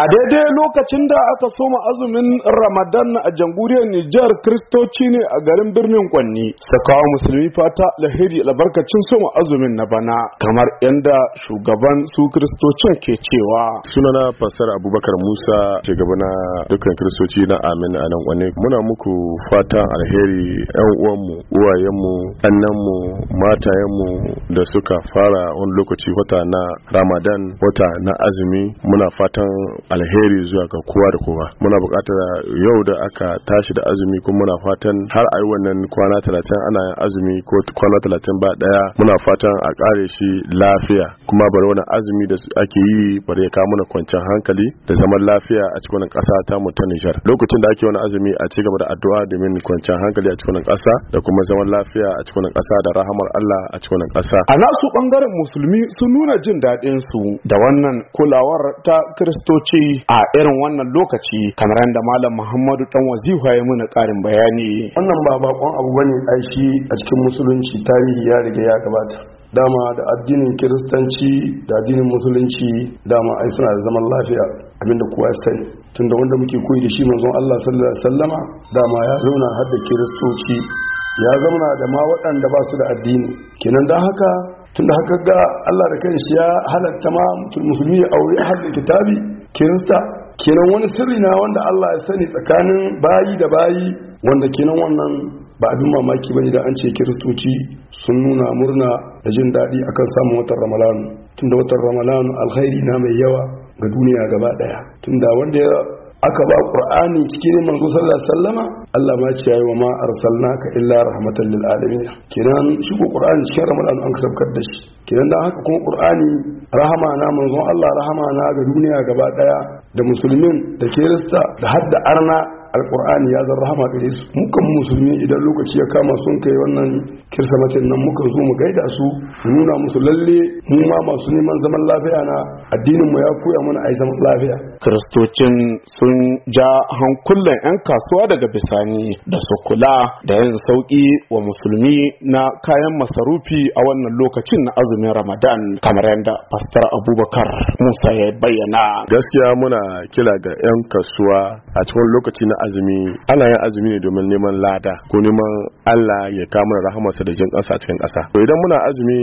A daidai lokacin da aka soma azumin Ramadan a jamhuriyar Nijar Kristoci ne a garin birnin Kwanni, sakawa musulmi fata lahiri albarkacin soma azumin na bana, kamar yadda shugaban su Kristocin ke cewa. Sunana Fasar Abubakar Musa, gaba na dukkan Kristoci na Amin a nan kwanne Muna muku fatan alheri 'yan uwanmu, uwayenmu, annanmu, matayenmu da suka fara wani lokaci wata na Ramadan, wata na azumi. Muna fatan alheri zuwa ga kowa da kowa muna buƙatar yau da aka tashi da azumi kuma muna fatan har ayi wannan kwana talatin ana yin azumi ko kwana talatin ba ɗaya muna fatan a kare shi lafiya kuma bari wani azumi da ake yi bari ya kawo mana kwanciyar hankali da zaman lafiya a cikin kasa ta mu ta Nijar lokacin da ake wani azumi a ci gaba da addu'a domin kwanciyar hankali a cikin ƙasa da kuma zaman lafiya a cikin kasa da rahamar Allah a cikin kasa. a nasu bangaren musulmi su nuna jin daɗin su da wannan kulawar ta kiristoci a irin wannan lokaci kamar yadda malam muhammadu dan wazifa ya muna karin bayani wannan ba bakon abu bane ai a cikin musulunci tarihi ya riga ya gabata dama da addinin kiristanci da addinin musulunci dama ai suna da zaman lafiya abinda kowa ya sani tunda wanda muke koyi da shi manzon Allah sallallahu alaihi wasallama dama ya zauna har da kiristoci ya zauna da ma waɗanda ba su da addini kenan dan haka tunda haka ga Allah da kanshi ya halatta ma musulmi aure har kitabi kirista kenan wani sirri na wanda Allah ya sani tsakanin bayi da bayi wanda kenan wannan ba abin mamaki bane da an ce kiristoci sun nuna murna da jin daɗi akan samun watan ramadan tunda watan ramadan alkhairi na mai yawa ga duniya gaba ɗaya tunda wanda ya aka ba qur'ani cikin manzo sallallahu alaihi wasallama Allah ma ce yayi wa ma arsalnaka illa rahmatan lil alamin kiran shi ko qur'ani cikin ramadan an kasabkar da shi kiran da haka kuma qur'ani rahama na manzo Allah rahama na ga duniya gaba daya da musulmin da kirista da hadda arna alkur'ani ya zan rahama gare su mukan musulmi idan lokaci ya kama sun kai wannan kirsamacin nan muka zo mu gaida su mu nuna musu lalle mu ma masu neman zaman lafiya na addinin mu ya koya mana ai zaman lafiya kiristocin sun ja hankulan yan kasuwa daga bisani da su kula da yin sauki wa musulmi na kayan masarufi a wannan lokacin na azumin ramadan kamar yadda pastor abubakar musa ya bayyana gaskiya muna kira ga yan kasuwa a cikin lokaci na azumi ana yin azumi ne domin neman lada ko neman Allah ya kama rahamarsa da jin ƙasa cikin ƙasa to idan muna azumi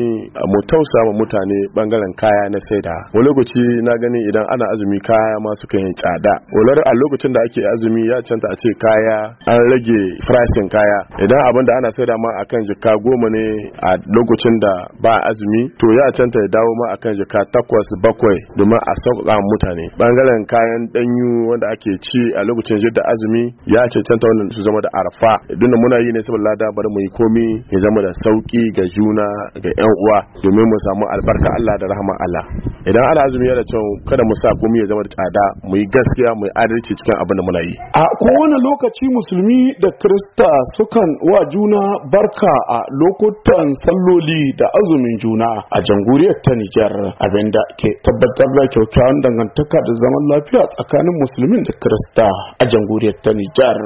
mu tausa ma mutane bangaren kaya na saida wani lokaci na gani idan ana azumi kaya ma suka yin tsada wani a lokacin da ake azumi ya canta a ce kaya an rage farashin kaya idan abin da ana saida ma akan jika goma ne a lokacin da ba azumi to ya canta ya dawo ma akan jika takwas bakwai domin a sauƙaƙa mutane bangaren kayan danyu wanda ake ci a lokacin jidda azumi azumi ya cancanta wannan su zama da arfa duk muna yi ne saboda lada bari mu yi komi ya zama da sauki ga juna ga yan uwa domin mu samu albarka Allah da rahama Allah idan ana azumi yana cewa kada mu sa komi ya zama da tsada mu yi gaskiya mu yi adalci cikin abin da muna yi a kowane lokaci musulmi da krista sukan wa juna barka a lokutan salloli da azumin juna a jamhuriyar ta Nijar abinda ke tabbatar da kyautar dangantaka da zaman lafiya tsakanin musulmin da krista a jamhuriyar ta Nijar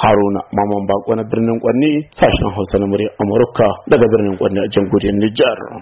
Haruna Maman Bako na birnin Kwanni sashen Hausa na murya Amurka daga birnin Kwanni a jamhuriyar Nijar.